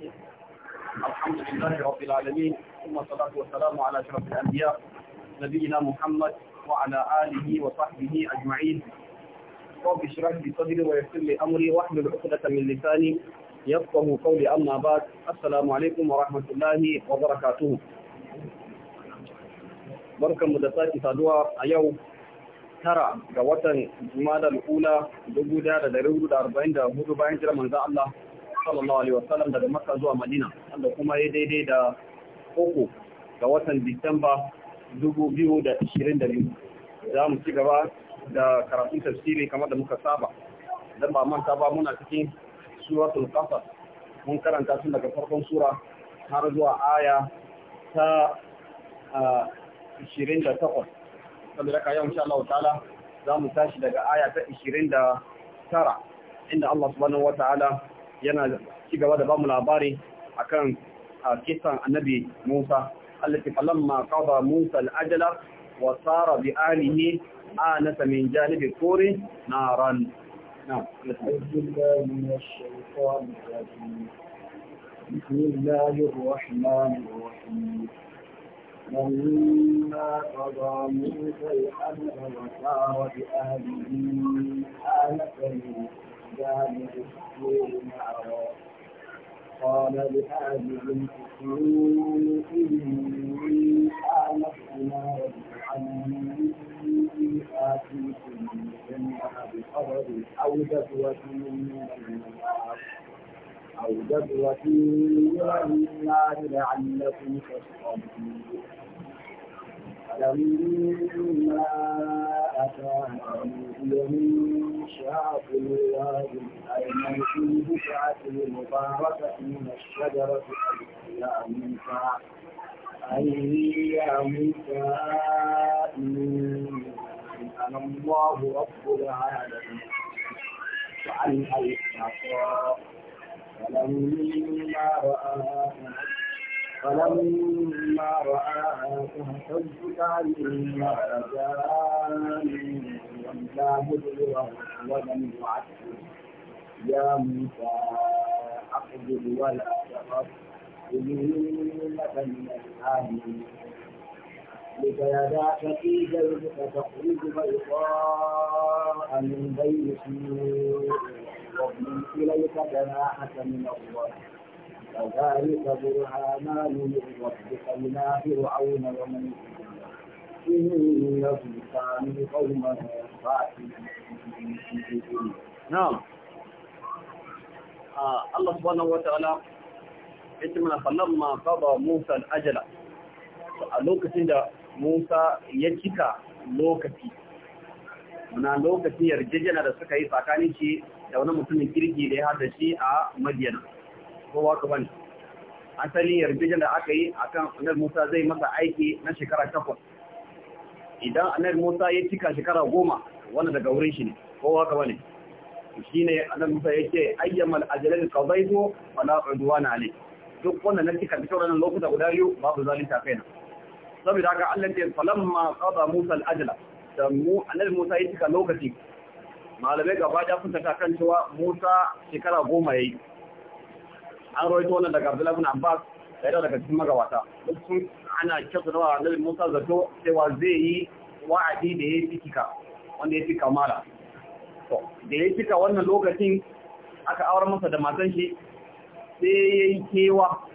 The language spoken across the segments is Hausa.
الحمد لله رب العالمين ثم الصلاة والسلام على أشرف الأنبياء نبينا محمد وعلى آله وصحبه أجمعين رب اشرح لي صدري ويسر لي أمري واحمل عقدة من لساني يفقه قولي أما بعد السلام عليكم ورحمة الله وبركاته بركة مدساتي تدوى أيو ترى جواتا watan الأولى Ula dubu أربعين دا dari hudu da arba'in da sallallahu alaihi wasallam daga Makka zuwa Madina wanda kuma ya daidai da uku ga watan Disamba 2022 za mu ci gaba da karatun tafsiri kamar da muka saba dan ba manta ba muna cikin suratul qasas mun karanta tun daga farkon sura har zuwa aya ta 28 saboda ka yau insha Allah ta'ala za mu tashi daga aya ta 29 inda Allah subhanahu wa ta'ala yana cigaba da bamu labari akan kisan annabi Musa allati falamma qada Musa al-ajala wa sara bi alihi anasa min janibi kuri naran na'am بسم الله الرحمن الرحيم لما قضى موسى الأمر وسار بأهله قال لحاجب إني آنست نارا عني آتيكم منها بخبر أو جذوة من النار أو جذوة من النار لعلكم تشربون مما أتاكم ومن شعب الله الأيمن في بشعة المباركة من الشجرة يا موسى أي يا موسى أنا الله رب العالمين فعلها الحصى فلما رآها فلما رآها تهتز كأنها جان ولا مدبرا ولم يعجل يا موسى أقبل ولا تخف إنك من الآمنين لكي يدعك في جلدك تخرج بيضاء من بين سوء واضمم إليك جناحك من الرحمة فذلك برهانان من ربك إلى فرعون ومن إنهم كانوا قوما فاسقين نعم الله سبحانه وتعالى يتمنى فلما قضى موسى الأجل a lokacin da Musa ya cika lokaci muna lokacin yarjejena da suka yi tsakanin shi da wani mutumin kirki da ya hada shi a Madiyana ko ba ka bane asali yarjejen da aka yi a kan annar Musa zai masa aiki na shekara takwas idan annar Musa ya cika shekara goma wannan daga wurin shi ne ko ba ka bane ne annar Musa ya yake ayyamal ajalin qadaitu wala na ne. duk wannan na cika cikin wannan lokuta guda biyu babu zalunta kaina saboda haka Allah ya falamma kaba Musa al da mu annar Musa ya cika lokaci malamai gaba ya sun ta kan cewa Musa shekara goma ya yi. an rawaito wannan daga Abdullahi ibn Abbas da daga cikin magawata sun ana kyautar wa annabi Musa zato cewa zai yi wa'adi da ya kika wanda ya fi mara to da ya cika wannan lokacin aka aure masa da matan shi sai ya yi kewa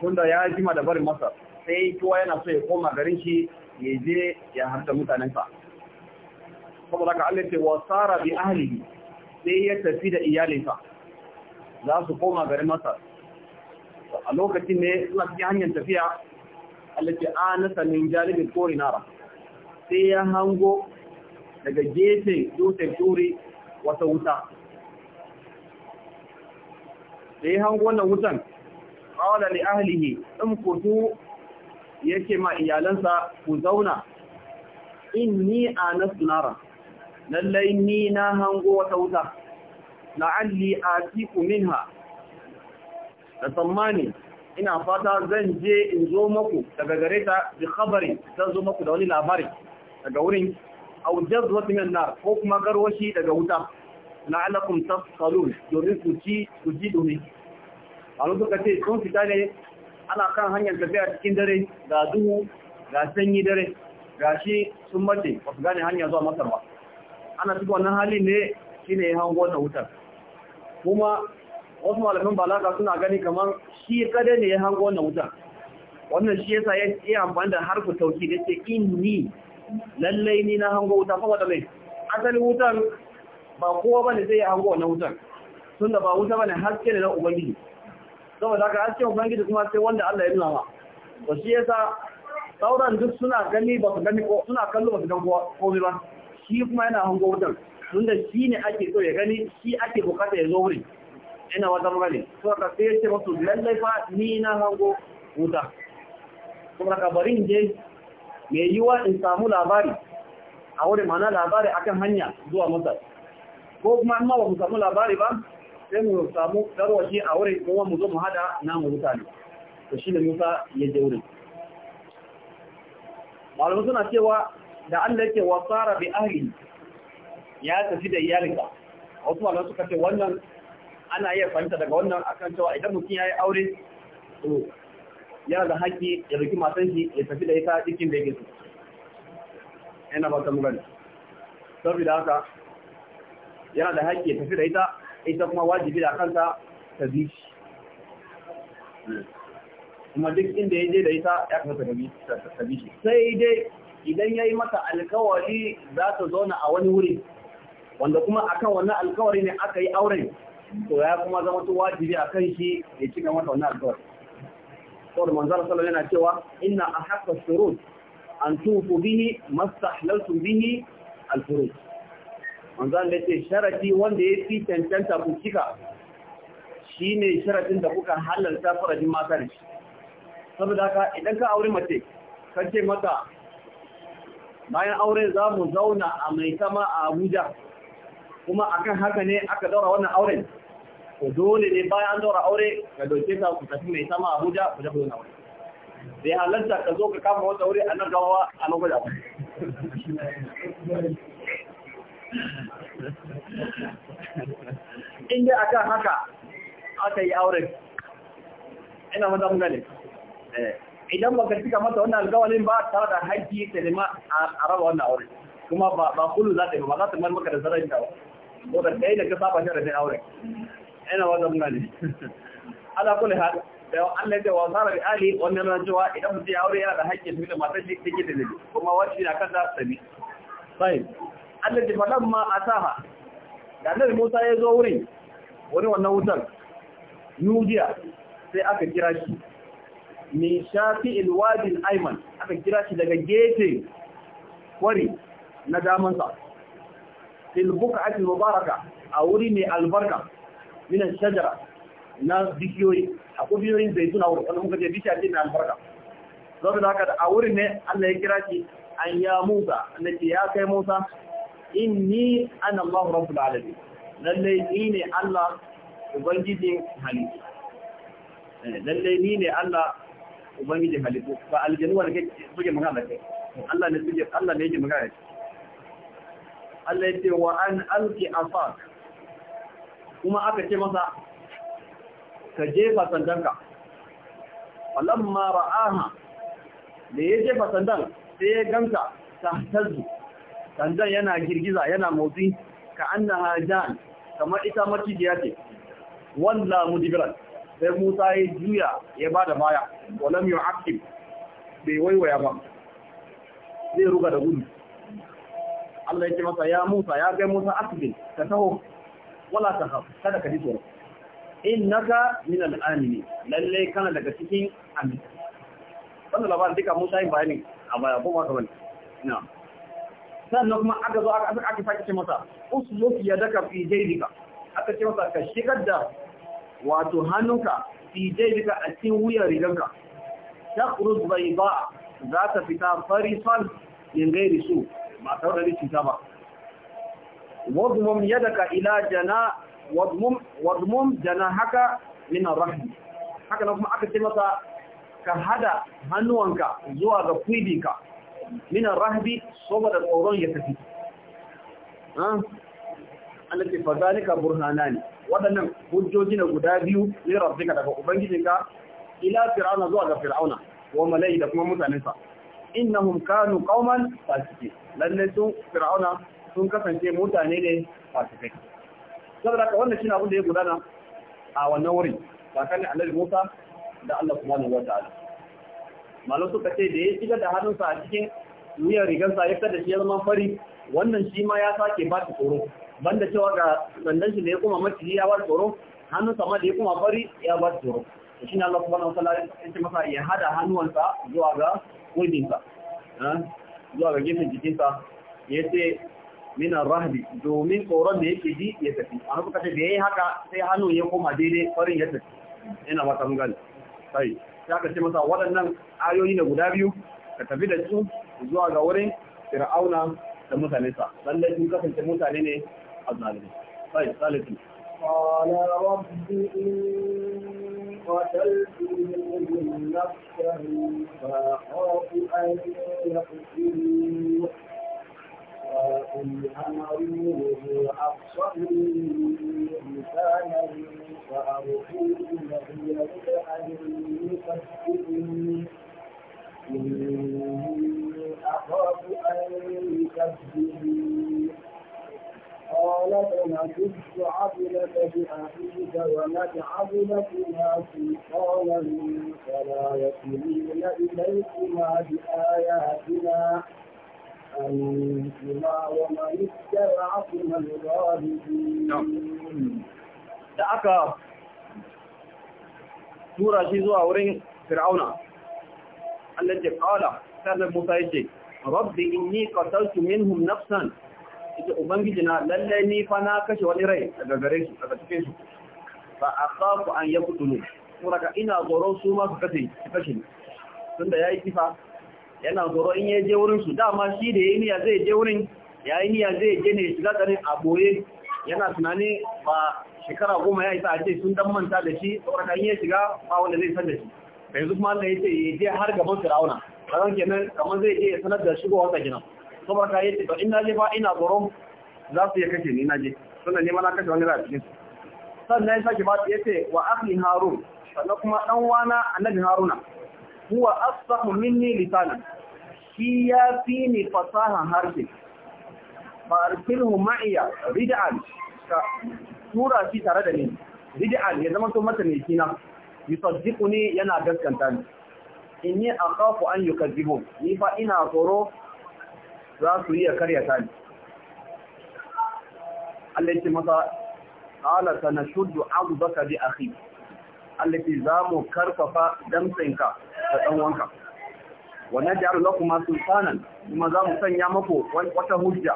Wanda ya jima da barin masa sai ya yi kewa yana so ya koma garin shi ya je ya harta mutanensa saboda ka Allah ce wa sara bi ahlihi sai ya tafi da iyalinsa za su koma garin masar a lokacin ne suna cikin hanyar tafiya 'A' na sanin jaribin kori nara sai ya hango daga gefen dutsen turi wata wuta Sai ya hango wannan wutan ƙawada da ahalihi ɗin kutu yake ma iyalansa ku zauna in ni a nasu sunara lallai ni na hango wata wuta la'alli atiku minha da tsammani ina fata zan je in zo maku daga gare ta bi khabari zan zo maku da wani labari daga wurin aw wa min nar ko kuma garwashi daga wuta la'alakum tafsalun domin ku ci ku ji dumi a lokacin ce sun fita ne ana kan hanyar tafiya cikin dare ga duhu ga sanyi dare ga shi sun mace ba su gane hanya zuwa masar ba ana cikin wannan hali ne shine ya hango na wutar kuma wasu malamin balaga suna gani kamar shi kada ne ya hango wannan wuta wannan shi yasa ya yi amfani da harfi tauki da ce inni lallai ni na hango wuta saboda mai asalin wutan ba kowa bane zai hango wannan wutan tun da ba wuta bane haske ne na ubangiji saboda haka haske ubangiji kuma sai wanda Allah ya nuna ma to shi yasa sauran duk suna gani ba su gani ko suna kallo ba su gan komai ba shi kuma yana hango wutan tunda shi ne ake so ya gani shi ake bukata ya zo wuri ina wata magani so ka sai ce musu lallai fa ni na hango wuta kuma ka bari in je me yiwa in samu labari a wuri mana labari akan hanya zuwa masar ko kuma in ma ba mu samu labari ba sai mu samu shi a wurin kuma mu zo mu hada namu mutane to shi ne musa ya je wuri malamai suna cewa da Allah yake wasara bi ahli ya tafi da iyalinka wasu malamai suka ce wannan ana iya fahimta daga wannan akan cewa idan mutum ya yi aure to yana da haƙƙi ya roki matan shi ya tafi da ita cikin da yake so yana ba ta magana saboda haka yana da haƙƙi ya tafi da ita ita kuma wajibi da kanta ta bi shi kuma duk inda ya je da ita ya kamata ta bi shi sai dai idan ya yi mata alkawari za ta zauna a wani wuri wanda kuma akan wannan alkawari ne aka yi auren to ya kuma zama to wajibi a kan shi ya ci cika da wannan alkawari saboda manzara sallallahu yana cewa inna ahaqqa shurut an tufu bihi mastahlaltu bihi alfurud manzan da ce sharati wanda ya fi tantanta ku cika shine sharatin da kuka halarta farajin mata da shi saboda haka idan ka aure mace ka ce mata bayan aure za mu zauna a mai sama a Abuja kuma akan haka ne aka daura wannan auren ko dole ne bayan an daura aure ka doke ka ku tafi mai sama Abuja ku je ku zauna aure bai halarta ka zo ka kama wata aure a nan gawawa a nan gwada in dai akan haka aka yi auren ina maza mun gane eh, idan baka cika mata wannan alƙawarin ba tare da haƙƙi ta nema a raba wannan aure kuma ba kulu za ta yi ba za ta mai maka da zarar da ba ko da yi da ka saba shi da sai aure ina wannan gani ala kulli hal da Allah ya wazara da ali wannan na cewa idan mutum ya aure yana da haƙƙin da matar shi take da zai kuma wacce na kan da sabi sai Allah ya fada ma ataha da nan Musa ya zo wurin wani wannan wutar Nubiya sai aka kira shi min shafi alwadi ayman aka kira shi daga gefe kwari na damansa fil buq'ati mubaraka a wuri mai albarka minan shajara na bikiyoyi a kubiyoyin zaituna wanda muka je bishiya ce mai albarka zaka da haka a wuri ne Allah ya kira ki an ya Musa nace ya kai Musa inni ni ne Allah ubangijin halittu eh, lalle ni ne Allah ubangijin halittu ba aljanu Allah ya ce wa an alki afak kuma aka ce masa ka jefa sandanka ma ra'aha da ya jefa sandan sai ya ganta ta tazu sandan yana girgiza yana motsi ka annaha jan kamar ita macijiya ce walla mudibiran sai Musa ya juya ya bada baya walam yu'aqib bai waiwaya ba zai ruga da gudu Allah ya masa ya Musa ya kai Musa asbin ka taho wala ta haf kada ka ji tsoro innaka min al-amini lalle kana daga cikin amin wannan labarin duka Musa yin bayani a baya ko ba ka bane na'am sannan kuma aka zo aka aka sake ce masa usluk yadaka fi jaydika aka ce masa ka shigar da wato hannunka fi jaydika a cikin wuyar riganka takhruj bayda za ta fita farisan min gairi su ba tare da cuta ba wadmum yadaka ila jana wadmum wadmum haka min arrahim haka nan kuma aka ce masa ka hada hannuwanka zuwa ga kuidinka min rahbi saboda tsoron ya tafi Allah alati fadalika burhanani waɗannan hujjoji na guda biyu ne rabbika daga ubangijinka ila fir'auna zuwa ga fir'auna wa malai da kuma mutanensa innahum kanu qauman fasiki lalle su fir'auna sun kasance mutane ne fasikai saboda ka wannan shine abin da ya gudana a wannan wurin tsakanin Annabi Musa da Allah subhanahu wataala malam suka ce da ya shiga da hannunsa a cikin wuyar sa ya fita da shi ya zama fari wannan shi ma ya sake ba ta tsoro banda cewa ga sandan shi da ya kuma maciji ya ba ta tsoro hannunsa ma da ya kuma fari ya ba ta tsoro shi ne Allah subhanahu wataala ya ce masa ya hada hannuwansa zuwa ga kudinsa zuwa ga gefen jikinsa ya ce minan rahabi domin tsoron da yake ji ya tafi a haka da ya yi haka sai hannu ya koma daidai farin ya tafi yana mata gani sai ya ka ce masa waɗannan ayoyi da guda biyu ka tafi da su zuwa ga wurin fir'auna da sa lallai sun kasance mutane ne a zalimi sai قتلتموهم نفسا فأخاف أن يقتلوه وإن أمروه أقصروا بهتانا فأرسلوا إلي كأن يكذبون إني أخاف أن يكذبون قالت نكف عبدك بأخيك ونجعل لكما سلطانا فلا يكلين إليكما بآياتنا أنتما ومن اتبعكما الغالبين da aka tura shi zuwa wurin fir'auna Allah ya kala sannan Musa ya ce rabbi inni qataltu minhum nafsan ita ubangiji na lallai ni fa na kashe wani rai daga gare su daga cikin su fa akhafu an yaqtulu suraka ina goro su ma su kashe su kashe ni tunda yayi kifa yana tsoro in yaje wurin su dama shi da yayi niyya zai je wurin yayi niyya zai je ne shiga tsarin a boye yana tunani ba shekara goma ya isa a ce sun dan manta da shi saboda in ya shiga ba wanda zai san da shi yanzu kuma Allah ya ce ya je har gaban Fir'auna kaman kenan kaman zai je sanar da shigowa ta gina saboda ka yi ba ina je fa ina tsoron za su iya kashe ni na je sannan ne mana kashe wani za cikin sannan ya sake ba ya ce wa akhi harun sannan kuma dan wana annabi haruna huwa asfahu minni lisana shi ya fi ni fasahan harshe fa arsilhu ma'iya bid'an ka tura shi tare da ni bid'an ya zama to mata mai kina yusaddiquni yana gaskanta ni inni akhafu an yukadzibu ni fa ina tsoro za su iya karyata ni Allah ya ce masa qala sanashuddu 'abdaka bi akhi Allah ya za mu karfafa damtsinka da dan wanka wa naj'alu lakum sultanan kuma za mu sanya muku wata hujja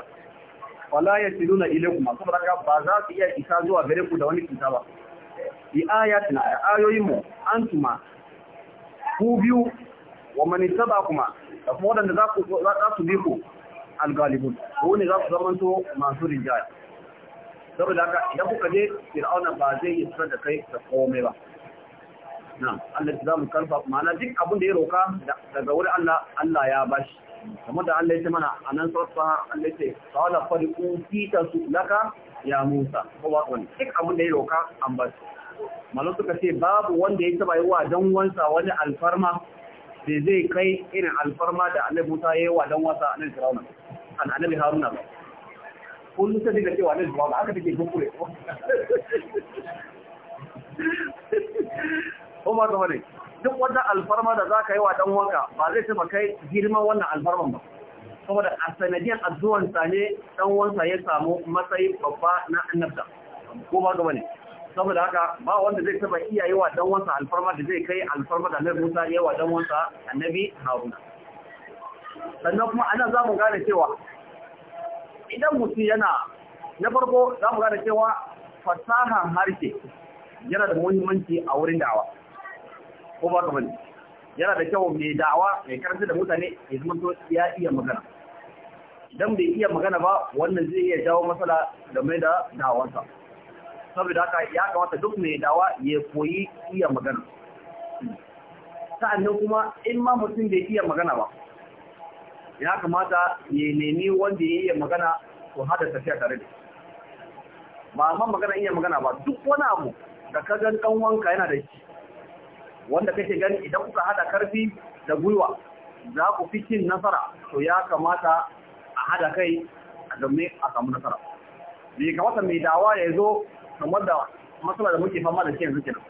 wala ile kuma saboda ka ba za su iya isa zuwa gare ku da wani cuta ba bi ayatina ayoyin mu antuma ku biyu wa man kuma da kuma wadanda za su bi ku al-galibun ko ne za su zamanto masu rinjaya saboda haka idan kuka je fir'auna ba zai yi fitar da kai da komai ba na Allah ya zamu karfa ma'ana duk abin da ya roka daga wurin Allah Allah ya bashi kamar da Allah ya ce mana a nan sarfa Allah ya ce qala fariqu fi tasulaka ya Musa ko ba ne duk abin da ya roka an bashi malon suka ce babu wanda ya taba yi wa dan wansa wani alfarma da zai kai irin alfarma da annabi Musa ya yi wa dan wasa nan Fir'auna an annabi Haruna ba kullum sai daga cewa annabi ba aka take gukure ko ma ta bane duk wanda alfarma da zaka yi wa dan wanka ba zai taba kai girman wannan alfarman ba saboda a sanadiyar addu'an sa ne dan wansa ya samu matsayi babba na annabta ko ba ga bane saboda haka ba wanda zai taba iya yi wa dan wansa alfarma da zai kai alfarma da Annabi Musa yi wa dan wansa Annabi Haruna sannan kuma ana za mu gane cewa idan mutum yana na farko za mu gane cewa fasahan harshe yana da muhimmanci a wurin da'awa ko ba kamar yana da kyau mai da'awa mai karanta da mutane ya zama to ya iya magana idan bai iya magana ba wannan zai iya jawo matsala game da da'awarsa saboda haka ya kamata duk mai dawa ya koyi iya magana sa'annan kuma in ma mutum bai iya magana ba ya kamata ya nemi wanda ya iya magana ko hada tafiya tare da ba ma magana iya magana ba duk wani abu da ka gan dan wanka yana da shi wanda kake gani idan kuka hada karfi da gwiwa za ku fi cin nasara to ya kamata a hada kai a domin a samu nasara bai kamata mai dawa ya zo kamar da matsala da muke fama da shi yanzu kenan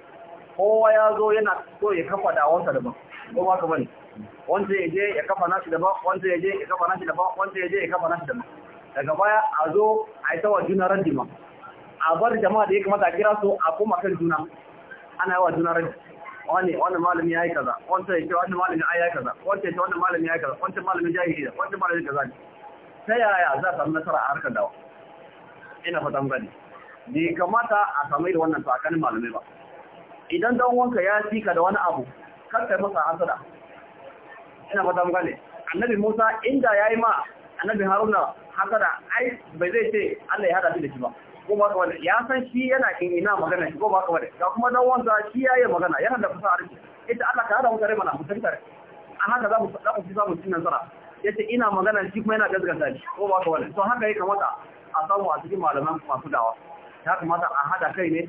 kowa ya zo yana so ya kafa da daban ko ba ka bane wanda ya je ya kafa nashi daban wanda ya je ya kafa nashi daban wanda ya je ya kafa nashi daban daga baya a zo a yi tawa juna randima a bar jama'a da ya kamata a kira su a koma kan juna ana yawa juna randi wani wani malami ya yi kaza wanda ya ce wani malami ya yi kaza wanda ya ce wani malami ya yi kaza wanda malami jahili da wanda malami kaza ne ta yaya za ka nasara a harkar dawa ina fatan gani bai kamata a samu da wannan sakanin malamai ba idan dan wanka ya sika da wani abu kar kai masa hasada ina fata mun gane annabi Musa inda yayi ma annabi Haruna hasada ai bai zai ce Allah ya hada shi da shi ba ko ba kawai ya san shi yana in ina magana shi ko ba kawai ga kuma dan wanka shi yayi magana yana da kusa arziki ita Allah ka hada mu tare mana mu tare a haka za mu za mu fi samun cin nasara yace ina magana shi kuma yana gaskata shi ko ba kawai to haka ya kamata a samu a cikin malaman masu dawa ya kamata a haɗa kai ne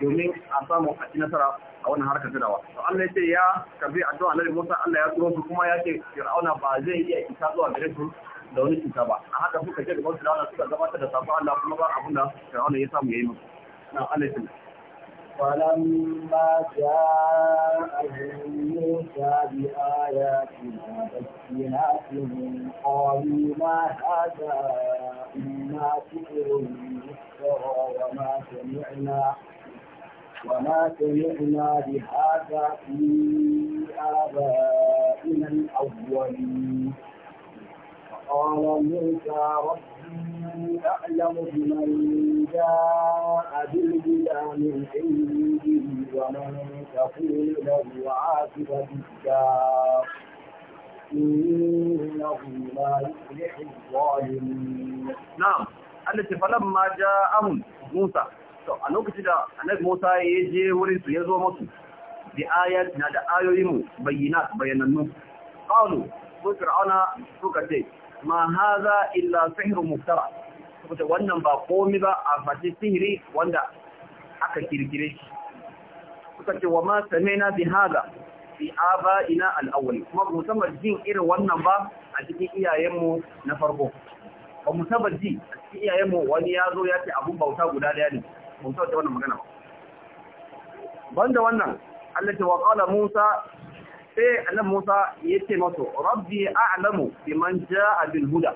domin a samu a ci nasara a wannan harkar tunawa to Allah ya ce ya karbi addu'a na Musa Allah ya turo su kuma ya ce Fir'auna ba zai iya isa zuwa gare su da wani cuta ba a haka suka ce gaban Fir'auna suka gabatar da safa Allah kuma ba abin da Fir'auna ya samu yayi musu na Allah ya فلما جاءهم موسى بآياتنا بينات قالوا ما هذا إلا سحر وما سمعنا وما سمعنا بهذا في آبائنا الأولين قال موسى ربي أعلم بمن جاء بالهدى من عنده ومن تقول له عاقبة الدار إنه لا يفلح الظالمين نعم Allah ce falan ma Amun Musa to a lokacin da Annabi Musa ya je wurin su ya zo musu bi ayat na da ayoyin bayyinat bayanannu qalu ko fir'auna suka ce ma hadha illa sihrun muftara saboda wannan ba komai ba a fati sihiri wanda aka kirkire shi suka ce wa ma samaina bi hadha fi aba ina al-awwal kuma musamman jin irin wannan ba a cikin iyayenmu na farko ba mu saba ji a cikin iyayenmu wani ya zo ya ce abun bauta guda daya ne mu saba wannan magana banda wannan Allah ta waqala Musa sai Allah Musa yace masa rabbi a'lamu biman ja'a bil huda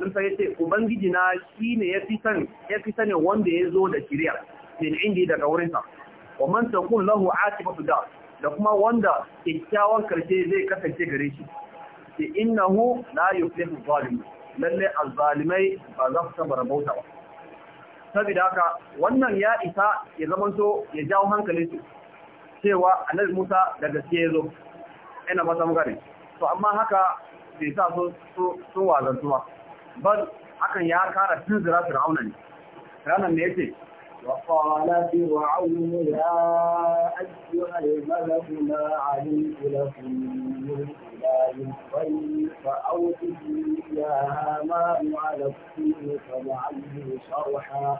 nan sai yace ubangiji na shine yafi san fi sane wanda ya zo da shiriya din indi daga wurin sa wa man takun lahu aqibatu da da kuma wanda kyakkyawan karshe zai kasance gare shi innahu la yuflihu zalimun lalle azzalimai ba za su taba rabauta ba saboda haka wannan ya isa ya zamanto ya jawo hankalin su cewa annabi Musa da gaskiya zo, ina ba samu to amma haka bai sa su su wazantuwa bal hakan ya kara tunzira fir'auna ne fir'auna ne yace وقال فرعون يا أيها الملك ما علمت لكم من لله الطيب فأوقف يا هامان على الطين فاجعله صرحا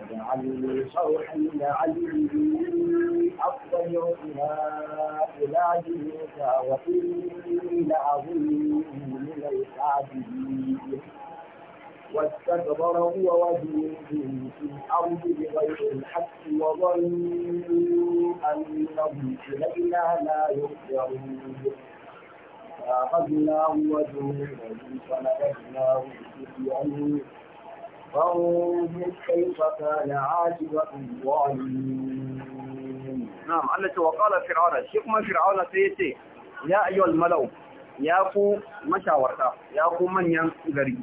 فاجعله صرحا لعلي أطلع إلى إلى دينك وإني لأظنه من الكاذبين واستكبر هو وجنودهم في الأرض بغير الحق وظنوا أنهم إلينا لا يرجعون A'a, a faɗin laburra juna, a ɗauke shanan laburra juna, a wuce ci hannu. Ba Allah ce waƙo ala fir'auna, shi kuma fir'auna ta yyace. Ya ayyu almalau, ya ku mashawarta, ya ku manyan gari.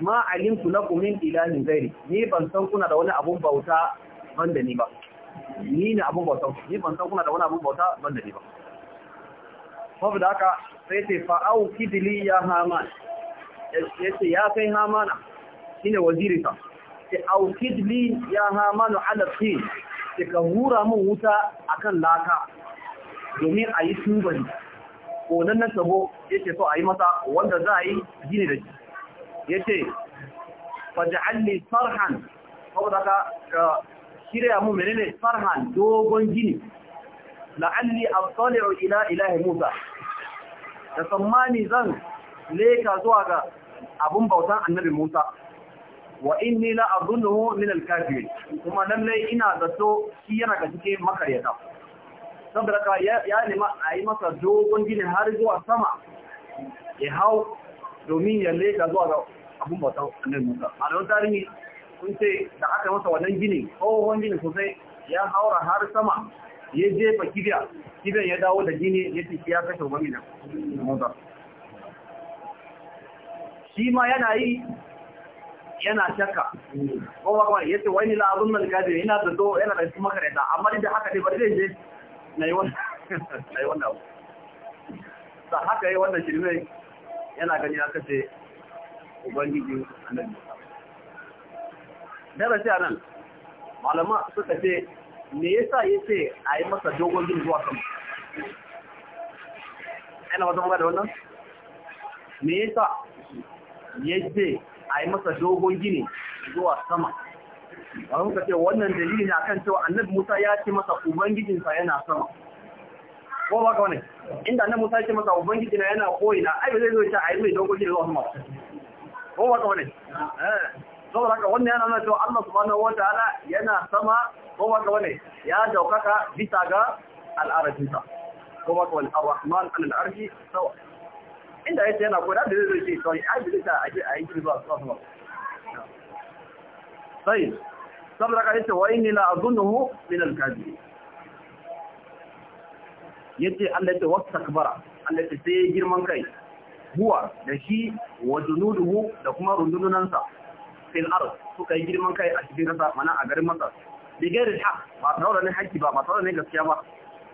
Ma a yin tunaku min idanun zai ri. Ni ban san kuna da wani abu bauta ban da ni ba. Ni da abun bautar da wani abu bauta ban da ni ba. saboda haka sai ce fa'au kidili ya haman ya ce ya kai hamana shi ne wazirika ce au kidili ya hamanu alafi ce ka hura mun wuta akan laka domin a yi tubali ƙonan na sabo ya ce so a yi masa wanda za a yi gini da shi ya ce faja'alli sarhan saboda ka shirya mun menene sarhan dogon gini la'alli a tsalewa ila ilahi musa da tsammani zan leka zuwa ga abun bautan annabi Musa wa inni la azunnuhu min al-kafirin kuma lalle ina zato shi yana ga cikin makaryata saboda ka ya nema a yi masa dogon gini har zuwa sama ya hau domin ya leka zuwa ga abun bautan annabi Musa A don tarihi kun ce da aka masa wannan gini tsohon gini sosai ya haura har sama ya jefa kibiya kibiyan ya dawo da jini ya ce ya kashe wani nan shi ma yana yi yana shakka ko ba kuma yace wai ni la nan kadir ina da zo yana da kuma kareta amma da haka dai ba zai je nayi wannan nayi wannan haka yi wannan shirme yana gani ya kace ubangiji annabi darasi anan malama suka ce me yasa ya ce a yi masa dogon gini zuwa sama yana wata maga wannan me yasa ya ce a yi masa dogon gini zuwa sama a muka ce wannan dalili na kan cewa annabi musa ya ce masa ubangijinsa yana sama ko ba ka wani inda annabi musa ya ce masa ubangijina yana koyina ai ba zai zo ya a yi mai dogon gini zuwa sama ko ba ka wani eh. saboda haka wannan yana nuna cewa Allah subhanahu wataala yana sama ko ba wane ya daukaka bisa ga al'arabinsa ko ba wani ar-rahman al Inda sawa inda yace yana koda da zai ce sai ai bisa a a yi zuwa sama sai saboda ka yace wa inni la azunuhu min al-kadhib yace Allah ya wastakbara Allah ya sai girman kai huwa da shi wa junuduhu da kuma rundunansa fil ard suka yi girman kai a cikin kasa mana a garin masar bigairin haq ba tare da haƙƙi ba ba tare da gaskiya ba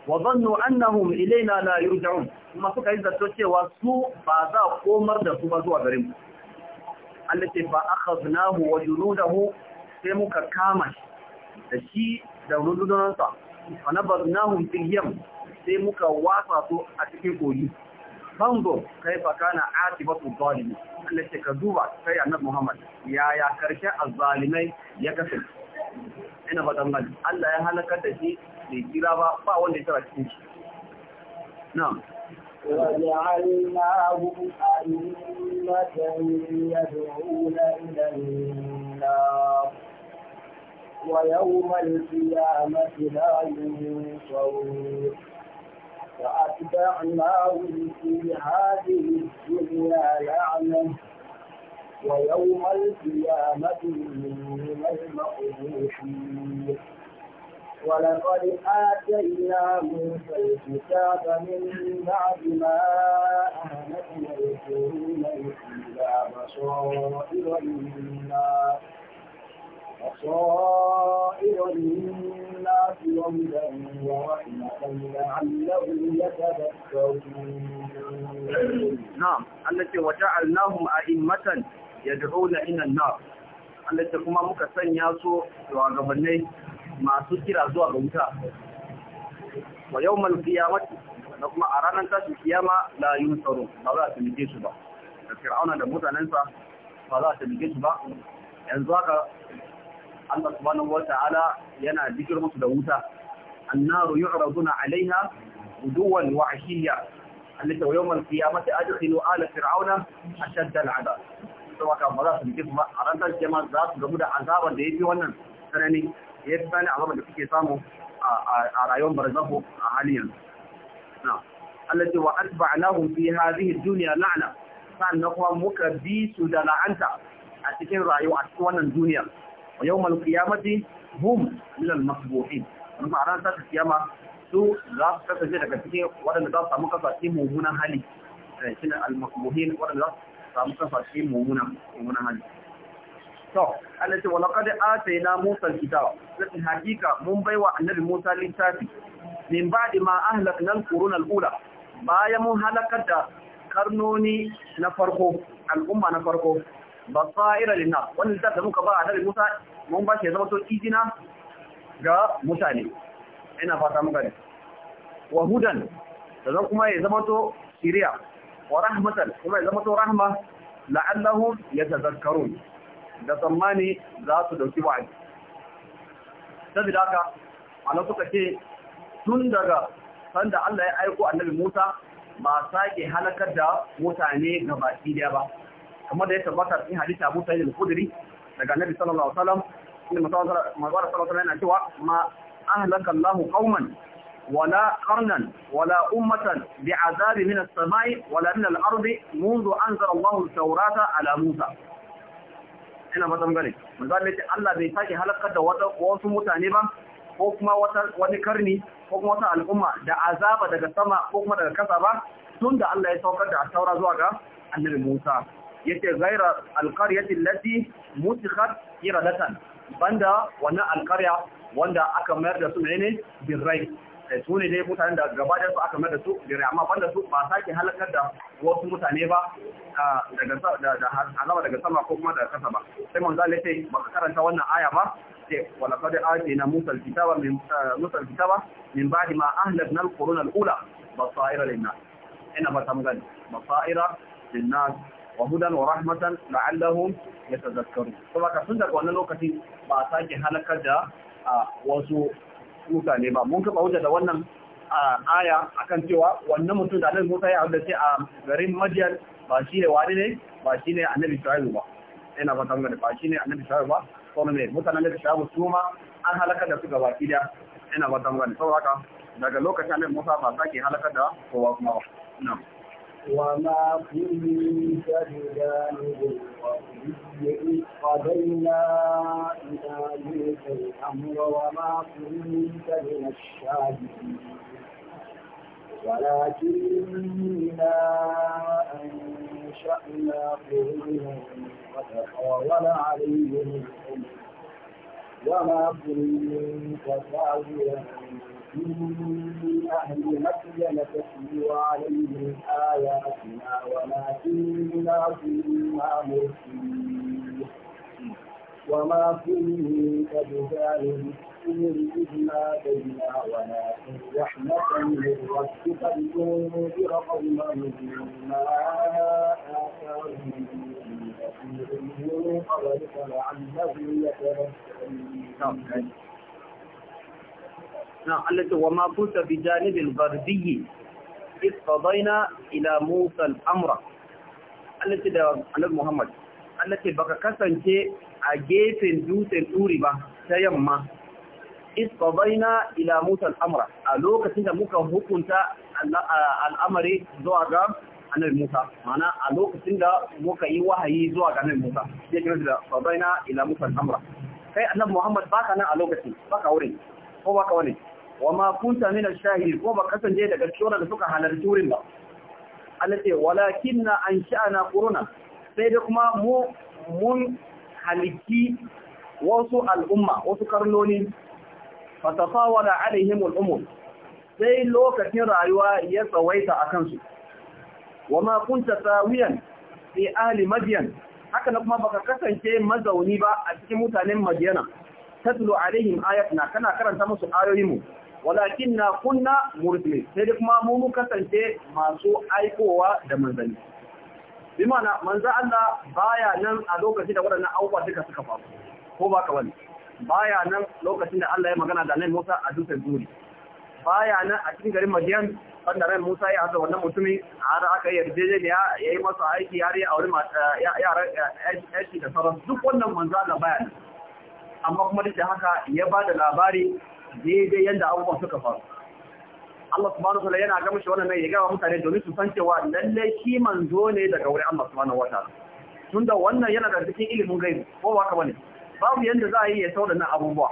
wa zannu annahum ilaina la yurja'un kuma suka yi zato cewa su ba za a komar da su ba zuwa garin mu Allah ce fa akhadnahu wa junudahu sai muka kama shi da shi da rundunansa fa nabadnahum fil yam sai muka wasa su a cikin kogi fango kaifa kana atibatu zalimi Allah ce ka duba sai annabi Muhammad yaya karshen azzalimai ya kasance ina faɗan mali Allah ya halakar da shi bai kira ba ba wanda ya tara cikin shi na'am وَجَعَلْنَا أُمَّةً يَدْعُونَ إِلَى النَّارِ وَيَوْمَ الْقِيَامَةِ لَا يُنصَرُونَ ويوم القيامة من المقبوحين ولقد آتينا موسى الكتاب من بعد ما أهلكنا القرون إلا بصائر للناس بصائر للناس وهدى ورحمة لعلهم يتذكرون نعم التي وجعلناهم أئمة Yadda ila an-nar Allah kuma muka sanya su wa gabanai masu kira zuwa ga wuta wa yawmal qiyamati da kuma a ranar tashin kiyama la yunsaru ba za a mike su ba da fir'auna da mutanensa ba za a mike su ba yanzu haka Allah subhanahu wata'ala yana dikir musu da wuta annaru yu'raduna 'alayha guduwan wa 'ashiyya allati yawmal qiyamati adkhilu ala fir'auna ashadda al'adab sau haka ba za su rike su ba a rantar jama'a za su gamu da azabar da ya fi wannan tsanani ya fi tsani azabar da suke samu a rayuwar barzafo a halin yanzu Allah ce wa atba'nahum fi hadhihi dunya la'na sannan kuma muka bi su da la'anta a cikin rayuwa a cikin wannan duniya wa yawmal qiyamati hum min al-masbuhin kuma a ranar ta kiyama su za su kasance daga cikin waɗanda za su samu cikin mummunan hali eh, shine al-masbuhin waɗanda za su samu kafa shi mummunan mummunan hali to Allah ce walaqad atayna Musa al-kitab hakika mun baiwa annabi Musa littafi min ba'di ma ahlakna al-qurun al-ula bayan mun halakar da karnoni na farko al'umma na farko basaira linnas wannan littafi da muka ba annabi Musa mun ba shi zama to izina ga mutane ina fata muka ne wa hudan da kuma ya zama to shiriya wa rahmatan kuma ya zama to rahma la'allahum yatazakkarun da tsammani za su dauki wa'azi saboda haka ana suka ce tun daga sanda Allah ya aiko annabi Musa ba sake halakar da ne ga baki ba kamar da ya tabbata cikin hadisi Abu Sa'id al-Khudri daga annabi sallallahu alaihi wasallam inda manzo sallallahu alaihi yana cewa ma ahlaka ولا قرنا ولا أمة بعذاب من السماء ولا من الأرض منذ أنزل الله التوراة على موسى ina fatan gane misali ce Allah bai sake halakar da wasu mutane ba ko kuma wani karni ko kuma wata al'umma da azaba daga sama ko kuma daga kasa ba tun da Allah ya saukar da taura zuwa ga annabi Musa yace ghaira alqaryati allati mutikhat iradatan banda wannan alqarya wanda aka mayar da su ne birrai Eh, su ne dai mutanen da gaba da su aka mai da su gari amma banda su ba sake halakar da wasu mutane ba da alama daga sama ko kuma daga kasa ba sai manzo Allah ce ba ka karanta wannan aya ba ce wala qad atina musa alkitaba min eh, musa alkitaba min ba'di ma ahlakna alquruna alula basaira linnas ina ba tamgan basaira linnas wa hudan wa rahmatan la'allahum yatadhakkarun saboda sun daga wannan lokacin ba sake halakar da wasu mutane ba mun kaba hujja da wannan aya akan cewa wannan mutum da Annabi Musa ya haɗa sai a garin Madian ba shi ne wani ne ba shi ne Annabi Shu'aibu ba ina ba tanga da ba shi ne Annabi Shu'aibu ba ko ne mutanen da Shu'aibu su ma an halaka da su gaba kida ina ba tanga da saboda haka daga lokacin Annabi Musa ba sake halaka da kowa kuma ba na'am وما كنت بجانب الغربي إذ قضينا إلى ذلك الأمر وما كنت من الشاهدين ولكننا أنشأنا قرونا فتطاول عليهم الحمر وما كنت ساويا من أهل مدين تتلو عليهم آياتنا ولكننا كنا مرسلين وما كنت بجانب السور إذ نادينا ولكن رحمة من ربك لتنذر قوما ما آتاهم من قبلك لعلهم يتذكرون nan Allah ce wa ma kunta bi janibil gharbi is da Annabi Muhammad Allah ce baka kasance a gefen dutsen turi ba ta yamma is qadaina ila a lokacin da hukunta al'amari zuwa ga Annabi Musa mana a lokacin da muka yi wahayi zuwa ga Annabi Musa sai kira da ila Musa al-amra kai Annabi Muhammad baka nan a lokacin baka wurin ko baka wani wa ma kunta min ash-shahid ko ba kasance daga cikin da suka halarci wurin ba Allah ce walakinna ansha'na quruna sai da kuma mu mun haliki wasu al'umma wasu karnoni fatatawala alaihim al'umur sai lokacin rayuwa ya tsawaita a kansu wa ma kunta tawiyan fi ahli madyan haka na kuma baka kasance mazauni ba a cikin mutanen madyana tatlu alaihim ayatna kana karanta musu mu walakin na kunna murtali sai da kuma mu kasance masu aikowa da manzanni bi mana manzo Allah baya nan a lokacin da waɗannan abubuwa duka suka faru ko ba ka wani baya nan lokacin da Allah ya magana da Annabi Musa a dutsen Zuri baya nan a cikin garin Madian wanda ran Musa ya hada wannan mutumin har aka ya yi masa aiki har ya aure yara aiki da sauran duk wannan manzo Allah baya nan amma kuma duk da haka ya ba da labari daidai yadda abubuwan suka faru Allah subhanahu wataala yana ga mishi wannan ya gaba mutane domin su san cewa lalle shi manzo ne daga wurin Allah subhanahu wataala tunda wannan yana da cikin ilimin gaibi ko ba ka bane babu yanda za a yi ya sauda nan abubuwa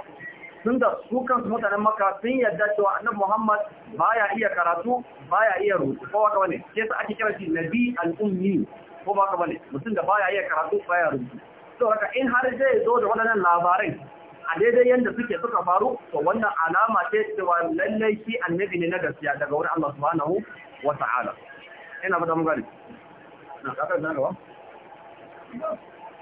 tunda su kansu mutanen Makka sun yarda cewa Annabi Muhammad baya iya karatu baya iya rubutu ko ba ka bane sai sa ake kira shi nabi al-ummi ko ba ka bane mutum da baya iya karatu baya rubutu to haka in har zai zo da waɗannan labarai a daidai yadda suke suka faru to wannan alama ce cewa lallai shi annabi ne na gaskiya daga wurin Allah subhanahu wa ta'ala ina fata mun gani na kaka da nawa?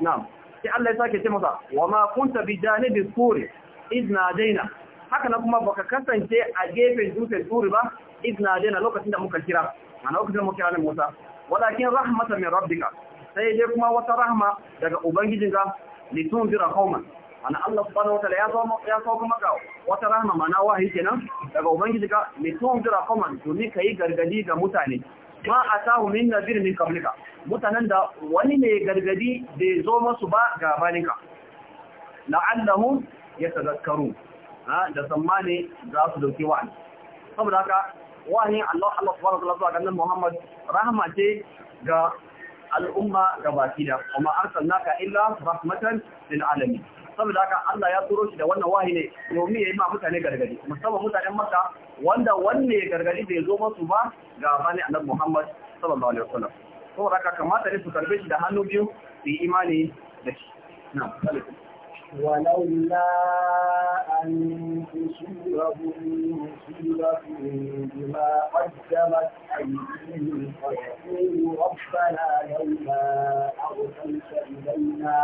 na'am sai Allah ya sake ce masa wa ma kunta bi janibi suri idna daina haka na kuma baka kasance a gefen dutsen suri ba idna daina lokacin da muka kira ana lokacin da muka kira ne Musa walakin rahmatan min rabbika sai dai kuma wata rahma daga ubangijinka litunzira qauman ana Allah subhanahu wataala ya ya sauka maka wata Rahma mana wahayi kenan daga ubangiji ka litun dira kaman domin kai gargadi ga mutane ma atahu min nadir min qablika mutanen da wani ne gargadi bai zo masu ba ga baninka la'allahum yatadhakkaru ha da tsammani za su dauki wa'ani saboda haka wani Allah Allah subhanahu wataala zuwa ga Muhammad rahama ce ga al'umma gabaki da kuma arsalnaka illa rahmatan lil alamin saboda haka Allah ya turo shi da wannan wahi ne domin ya yi ma mutane gargadi musamman mutanen Makka wanda wanne gargadi bai zo masu ba ga bani Annabi Muhammad sallallahu alaihi wasallam saboda haka kamata ne su karbe shi da hannu biyu su yi imani da shi na'am ولولا أن تصيبهم مصيبة بما قدمت أيديهم ربنا لولا أرسلت إلينا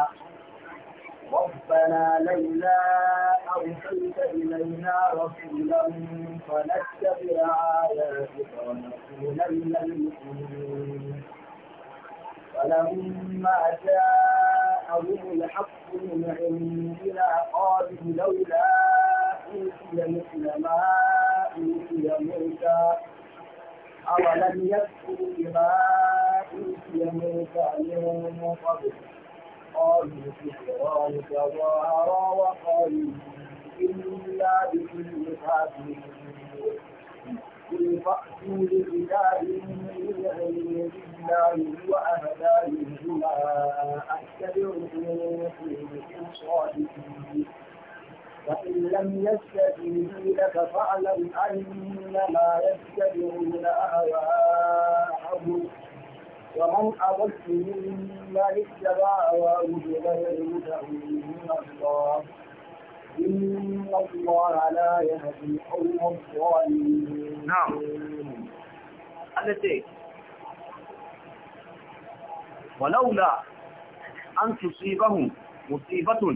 ربنا لولا أرسلت إلينا رسولا فنتبع آياتك ونكون من المؤمنين فلما جاءهم الحق من عندنا قالوا لولا أوتي مثل ما أوتي موسى أولم يكفر بما أوتي موسى من قبل وقالوا إخوان تظاهرا وقالوا إنا بكل كافرين قل فأتوا بكتاب من وأهدى منهما أتبعكم كنتم صادقين فإن لم يستجيبوا لك فاعلم أنما يتبعون أهواءهم ومن أضل ممن اتبع هواه غير هدى من الله إن الله لا يهدي القوم الظالمين نعم التي ولولا أن تصيبهم مصيبة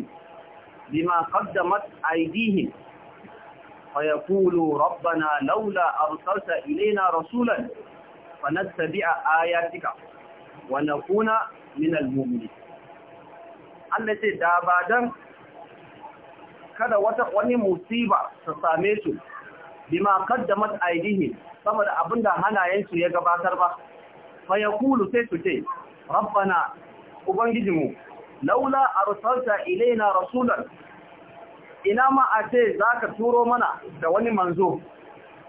بما قدمت أيديهم فيقولوا ربنا لولا أرسلت إلينا رسولا fa nattabi'a ayatika wa nakuna minal mu'minin Allah ce da ba dan kada wata wani musiba ta same su bima qaddamat aydihim saboda abinda hanayensu ya gabatar ba fa yaqulu sai su ce rabbana mu laula arsalta ilaina rasulan ina ma a ce zaka turo mana da wani manzo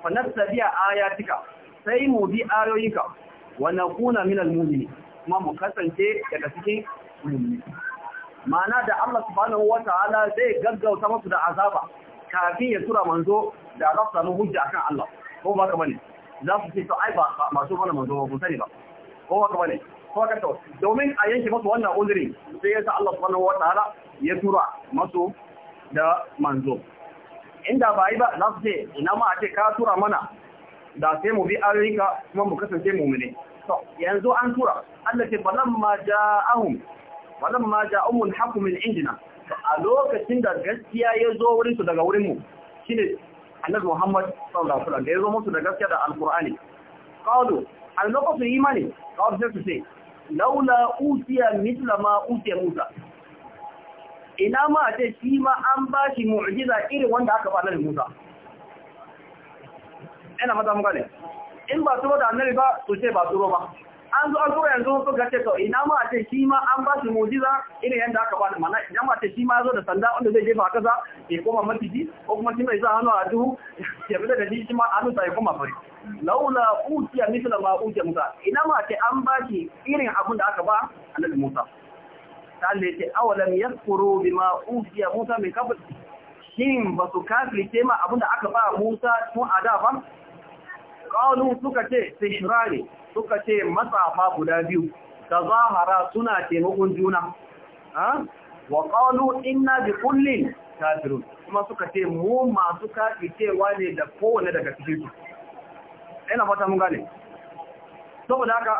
fa nasabiya ayatika sai mu bi ayoyinka wa kuna min almu'minin kuma mu kasance daga cikin mu'mini ma'ana da Allah subhanahu wataala zai gaggauta musu da azaba kafin ya tura manzo da za su samu hujja akan Allah ko ba ka bane za su ce to ai ba masu mana manzo ba sani ba ko ba ka bane ko ka to domin a yanke musu wannan uzuri sai ya sa Allah subhanahu wataala ya tura masu da manzo inda ba yi ba za su ce ina ma a ce ka tura mana da sai mu bi ayoyinka kuma mu kasance mu'mini to yanzu an tura Allah ce falamma ja'ahum falamma ja'ahum al-haqqu min indina a lokacin da gaskiya ya zo wurin su daga wurin mu shine Annabi Muhammad sallallahu alaihi wasallam da ya zo musu da gaskiya da Al-Qur'ani qalu an lokacin imani qalu sai su ce laula utiya mithla ma utiya Musa ina ma ce shi ma an ba shi mu'jiza irin wanda aka ba Annabi Musa ina mata muka ne in ba turo da annabi ba su ce ba turo ba an zo an zo yanzu suka ce to ina ma a ce shi ma an ba shi mujiza irin yanda aka ba mana idan ma ce shi ma zo da sanda wanda zai jefa kaza ya koma maciji ko kuma shi mai sa hannu a duhu ya bi da shi shi ma hannu sa ya koma fari laula utiya misala ma utiya musa ina ma ce an ba shi irin abin da aka ba annabi musa ta Allah ce awalam yakfuru bima utiya musa min qabl shin ba su kafirce ma abin da aka ba musa tun a da ba qalu suka ce sihrani suka ce matsafa guda biyu tazahara suna taimakon juna ha wa qalu inna bi kullin kafirun kuma suka ce mu masu cewa ne da kowane daga cikin su ina fata mun gane saboda haka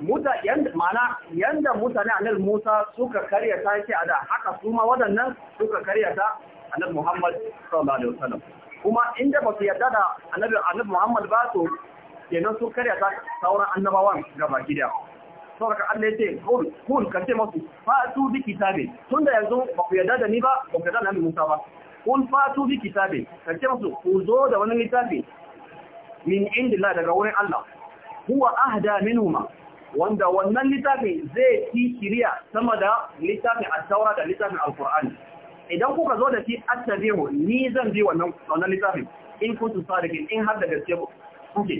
muta yanda mana yanda mutane annabi Musa suka karyata shi a da haka su wadannan waɗannan suka karyata annabi Muhammad sallallahu alaihi wasallam kuma inda ba su yarda da annabi annabi Muhammad ba to kenan sun karya ta sauran annabawan gaba gida saboda Allah ya ce kun kun kace musu fatu bi kitabe tunda yanzu ba ku yarda da ni ba ba ku yarda da annabi Musa ba kun fatu bi kitabe kace musu ku zo da wani littafi min inda daga wurin Allah huwa ahda minhuma wanda wannan littafin zai fi kiriya sama da littafin al taura da littafin al-qur'ani idan kuka zo da shi attabihu ni zan bi wannan wannan littafin in kuntu sadiqin in har da gaske kuke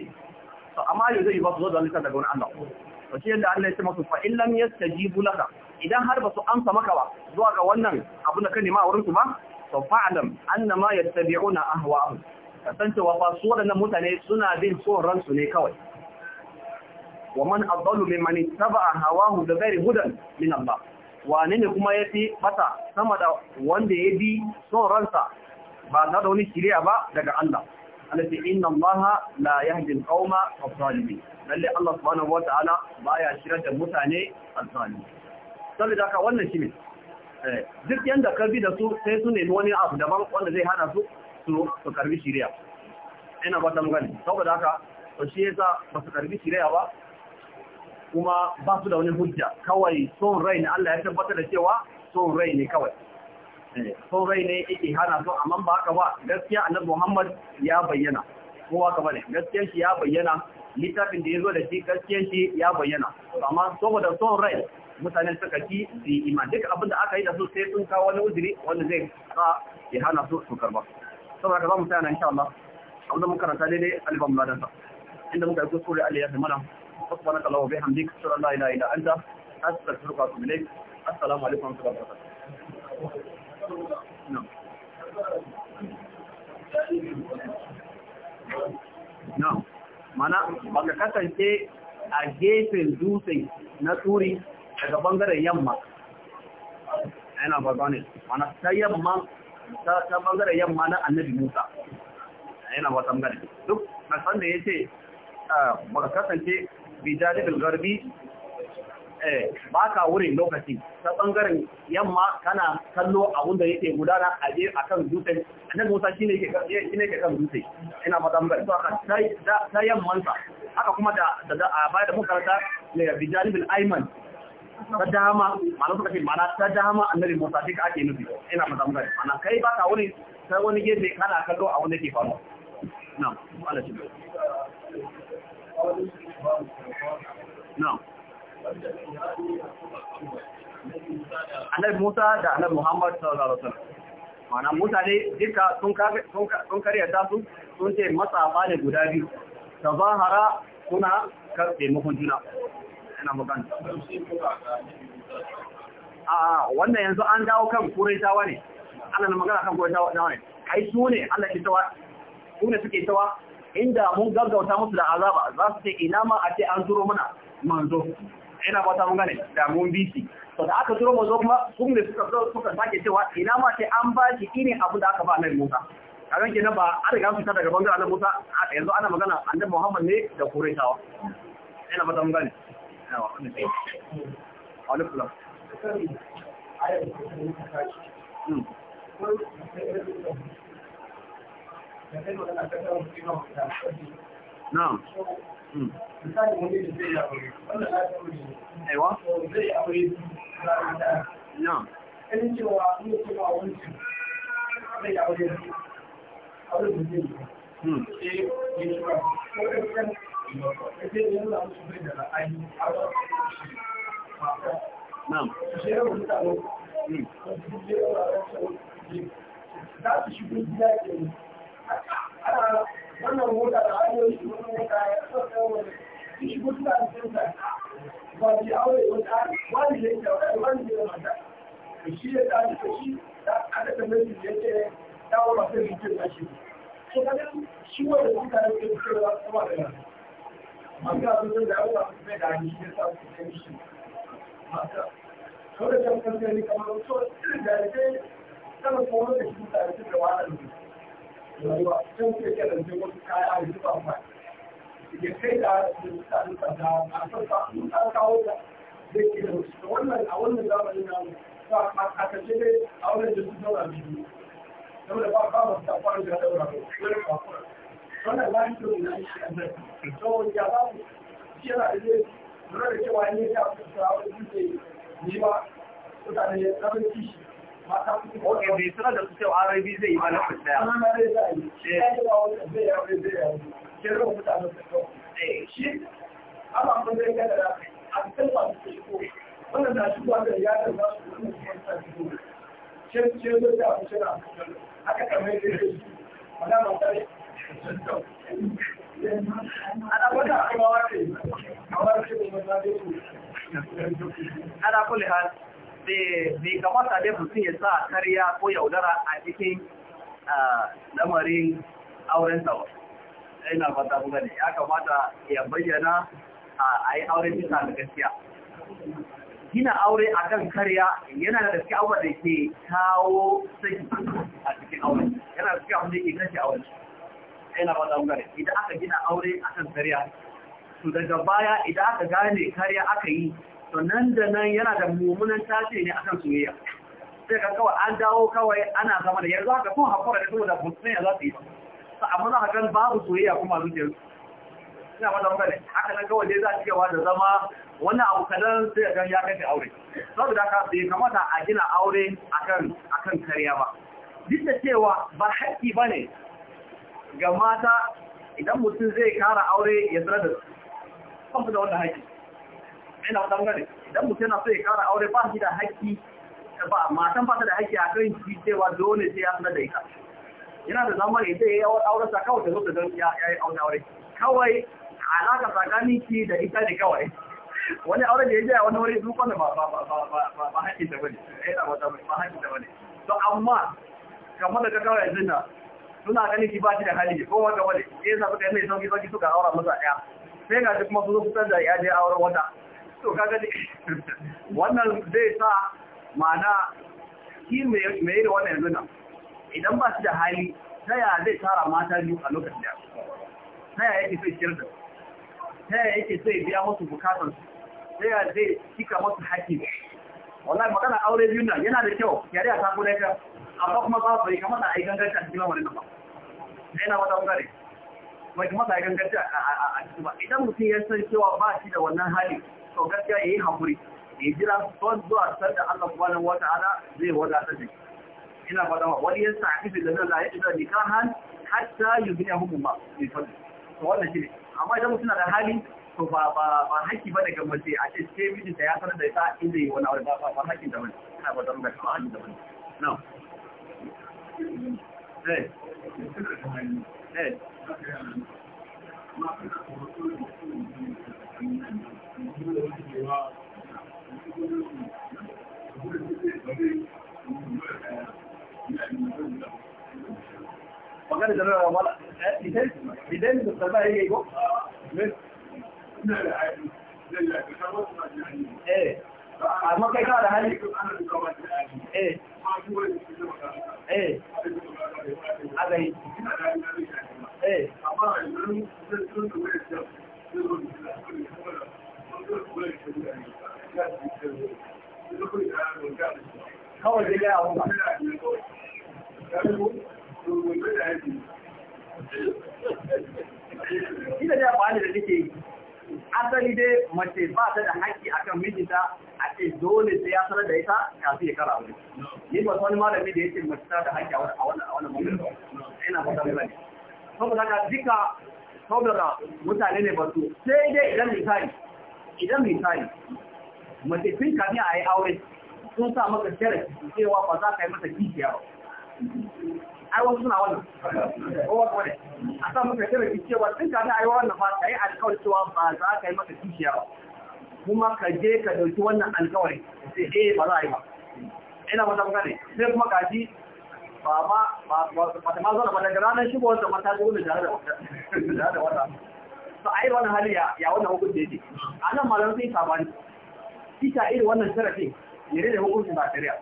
to amma yau zai ba su zo da littafin daga wani Allah to shi yadda Allah ya ce masu fa in lam yastajibu laka idan har ba su amsa maka ba zuwa ga wannan abin da ka nema a wurin su ba to fa'lam annama yattabi'una ahwa'ahum kasancewa fa su waɗannan mutane suna bin son ransu ne kawai wa man adallu mimman ittaba'a hawahu da ghairi hudan min Allah wane ne kuma ya fi bata sama da wanda ya bi son ransa ba na da wani shirya ba daga Allah alati inna Allah la yahdi al-qauma adh-dhalimin lalle Allah subhanahu wata'ala ya shirar da mutane adh-dhalimin saboda haka wannan ne, eh, duk yanda ka bi da su sai su nemi wani abu daban wanda zai hana su su karbi shirya ina ba ta magana saboda haka to shi yasa ba su karbi shirya ba kuma ba su da wani hujja kawai son rai ne Allah ya tabbatar da cewa son rai ne kawai eh, son rai ne yake hana so amma ba haka ba gaskiya annabi Muhammad ya bayyana kowa ka bane gaskiyar shi ya bayyana littafin da ya zo da shi gaskiyar shi ya bayyana amma saboda son rai mutane suka ci su iman duk abin da aka yi da su sai sun kawo wani uzuri wanda zai sa ya hana su su karba saboda ka za mu tsaya na insha Allah abin da mun karanta daidai alifan sa. inda muka yi kuskure Allah ya fi mana سبحانك allahumma وبحمدك bihamdika ashhadu an la ilaha illa anta astaghfiruka wa atubu ilayk assalamu alaikum wa نعم wa barakatuh no no kasance a gefen dutse na turi daga bangaren yamma yana mana ta yamma ta bangaren yamma na annabi musa yana wata bangare duk na san da ya ce ka kasance al garbi eh baka wurin lokaci ta bangaren yamma kana kallo abun da yake gudana a je akan dutse annan Musa shine yake shine yake kan dutse ina madan ba to aka sai da yamman sa haka kuma da da a baya da makaranta ne al ayman ta dama malam suka ce mana ta dama annabi Musa sai ake nufi ina madan ba mana kai baka wurin sai wani gefe kana kallo abun da yake faru na'am Allah shi annabi Musa da annabi Muhammad sallallahu alaihi wasallam Musa ne duka sun kare ta su sun ce matsafa ne guda biyu ta zahara suna karfe mukun juna ina magana a wannan yanzu an dawo kan kuraitawa ne ana magana kan kuraitawa ne ai su ne Allah ke tawa su ne suke tawa inda mun gaggauta musu da azaba za su ce ina ma a ce an turo mana manzo ina ba ta mun gane da mun bi shi to da aka turo manzo kuma su ne suka zo suka sake cewa ina ma ce an ba shi irin abu da aka ba nan Musa kaga kenan ba an riga fita daga bangaren Musa a yanzu ana magana annabi Muhammad ne da Quraishawa ina ba ta mun gane yawa Allah Mm. na'am hmm. aiwa na'am hmm. Na'am. Za hmm. su wannan mota da ajiye shi wani mota ya so kawai shi gudu da cikin sa ba ji aure wata wani ne da wani wani ne da mata shi ya ta shi shi ta ada da mai ya ce dawo ba sai shi ta shi so kada shi wanda suka yi ke cewa kuma da nan an ga abin da ya ba mai da ni ya sa su ne shi haka kawai da kan sai ni kamar so irin da ya ce kana kuma da shi ta da wahala ne rayuwa can ke karanta wasu kaya a yi zuwa mai ya kai da mutane tsada, a sassa mun an kawo da zai ke da wasu wannan a wannan zamanin na ba a kasance dai a wannan da su biyu saboda ba ba mu ta fara da daura ko wani ba fara wannan ba shi shi an da to ya ba mu yana da zai lura da ne ya fi sa wani zai ba mutane ya zama kishi ok bai sanar da su cewa arabi zai yi mana bai kamata dai mutum ya sa kariya ko yaudara a cikin lamarin auren sa ina fata kuma ne ya kamata ya bayyana a yi auren cika da gaskiya gina aure a kan kariya yana da gaske abubuwa da ke kawo saki a cikin aure yana da gaske abubuwa da ke kashe aure yana ba da ne. idan aka gina aure a kan kariya, to daga baya idan aka gane kariya aka yi to nan da nan yana da mummunan tasiri ne akan soyayya sai ka kawai an dawo kawai ana zama da yanzu haka sun haƙura da saboda mutum ya za su yi sa amma za ka babu soyayya kuma zuciyar ina mata ne. haka nan kawai dai za su da zama wani abu kadan sai ya kai aure saboda haka bai kamata a gina aure akan akan kariya ba duk da cewa ba haƙƙi ba ne ga mata idan mutum zai kara aure ya zara da su da wannan haƙƙi ina wata gane idan mutum yana so ya kara aure ba shi da haƙƙi ba matan ba ta da haƙƙi a kan shi cewa dole sai ya sanar da ita yana da zama ne sai ya aure sa kawai da zo da ya yi aure kawai alaka tsakanin shi da ita ne kawai wani aure da ya je a wani wuri duk wanda ba ba ba ba ba ba haƙƙin ta bane eh, ba ba ba bane to amma kamar da ka kawai yanzu na suna ganin shi ba shi da hali ko wanda wani eh sa suka yi mai sauki sauki suka aura masa ɗaya sai ga duk kuma su zo fitar da ya je auren wata to kaga ne wannan zai sa ma'ana shi mai yi da wannan yanzu nan idan ba su da hali ta yaya zai tara mata biyu a lokacin da ta yaya yake sai shirda ta yaya yake sai biya musu bukatansu ta yaya zai cika musu haƙƙi wallahi magana aure biyu nan yana da kyau yare a tafi da amma kuma ba bai kamata a yi gangarci a cikin lamarin nan sai na wata bangare bai kamata a yi gangarci a cikin ba idan mutum ya san cewa ba shi da wannan hali to gaskiya yayi hakuri ya jira son zuwa san da Allah subhanahu wata'ala zai wadatar da shi ina faɗa wa wani yasa akifi da Allah ya jira nikahan hatta yubniyahu ma bi fadli to wannan shine amma idan mutum da hali to ba ba ba haƙƙi ba daga mace a ce sai miji ta ya sanar da ita inda yi wani aure ba ba haƙƙin da bane ina faɗa maka ba haƙƙin da bane na'am eh eh magana da rana eh, idan da eh, kai ka da hali malami da yake mace da haƙƙi a wannan a wannan mutum ina fata mai saboda haka duka saboda mutane ne ba su sai dai idan misali idan misali mace sun kami a yi aure sun sa maka sharafi cewa ba za ka yi mata kishiya ba ai wasu suna wannan ko wasu wane a sa maka sharafi cewa sun kami a yi wannan ba ka yi alkawar cewa ba za ka yi mata kishiya ba kuma ka je ka dauki wannan alkawari sai eh ba za a yi ba ina wata magana sai kuma kaji ba ma mata ma zauna ba daga ranar shigo wanda mata zo da tare da wata to ai wannan hali ya ya wannan hukunci yake anan malamin sai sabani kika irin wannan sharafin yare da hukuncin ba shari'a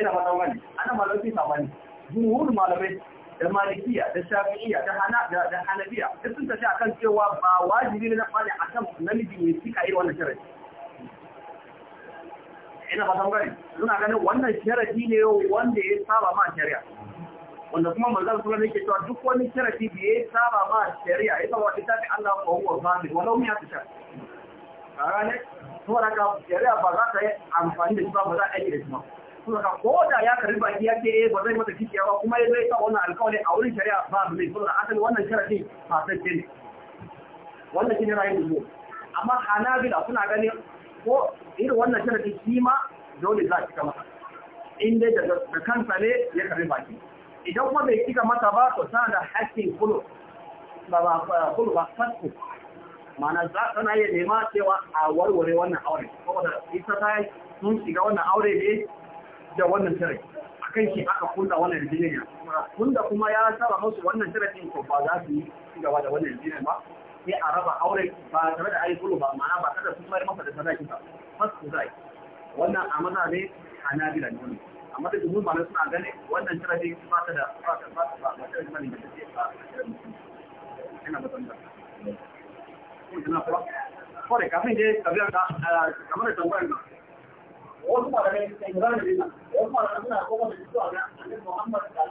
ina fata magana anan malamin sai sabani jumhur malamai da malikiya da shafi'iya da hana da hanabiya sun tafi akan cewa ba wajibi ne na fara akan namiji ne kika irin wannan sharafin ina fatan gari suna ganin wannan sharafi ne wanda ya saba ma shari'a wanda kuma manzan suna ne ke cewa duk wani sharafi da ya saba ma shari'a ya ba ita ce Allah ko huwa wala walau ya tsaka a ranar to da ka shari'a ba za ta yi amfani da shi ba ba za a yi da shi ka ko da ya karbi baki ya ce eh, ba zai mata kishiya ba kuma ya zai sa wannan alƙawari a wurin shari'a ba su ne saboda asali wannan sharafi ba sai ce ne wannan shi ne ra'ayin amma hanabila suna ganin ko irin wannan sharadi shi ma dole za a cika masa in dai da kansa ne ya karbi baki idan kuma bai cika masa ba to tana da hakkin kulu ba ba kulu ba fasku ma'ana za tana iya nema cewa a warware wannan aure saboda isa ta sun shiga wannan aure ne da wannan sharadi kan shi aka kunda wannan yarjejeniya kunda kuma ya saba musu wannan sharadin ko ba za su yi gaba da wannan yarjejeniya ba sai a raba auren ba tare da ayi kullu ba ma'ana ba kada sun bayar masa da sadaki ba fasu zai wannan a maza ne a nabila ne wannan amma da jumhur malamai suna gane wannan tarafi ba ta da ba ta ba ta ba ta da mani da take ba ina ba tsanda ina ba kore kafin dai kabiyar ka kamar da tambayar da wasu malamai sai ga da wasu malamai suna kokarin cewa ga Muhammad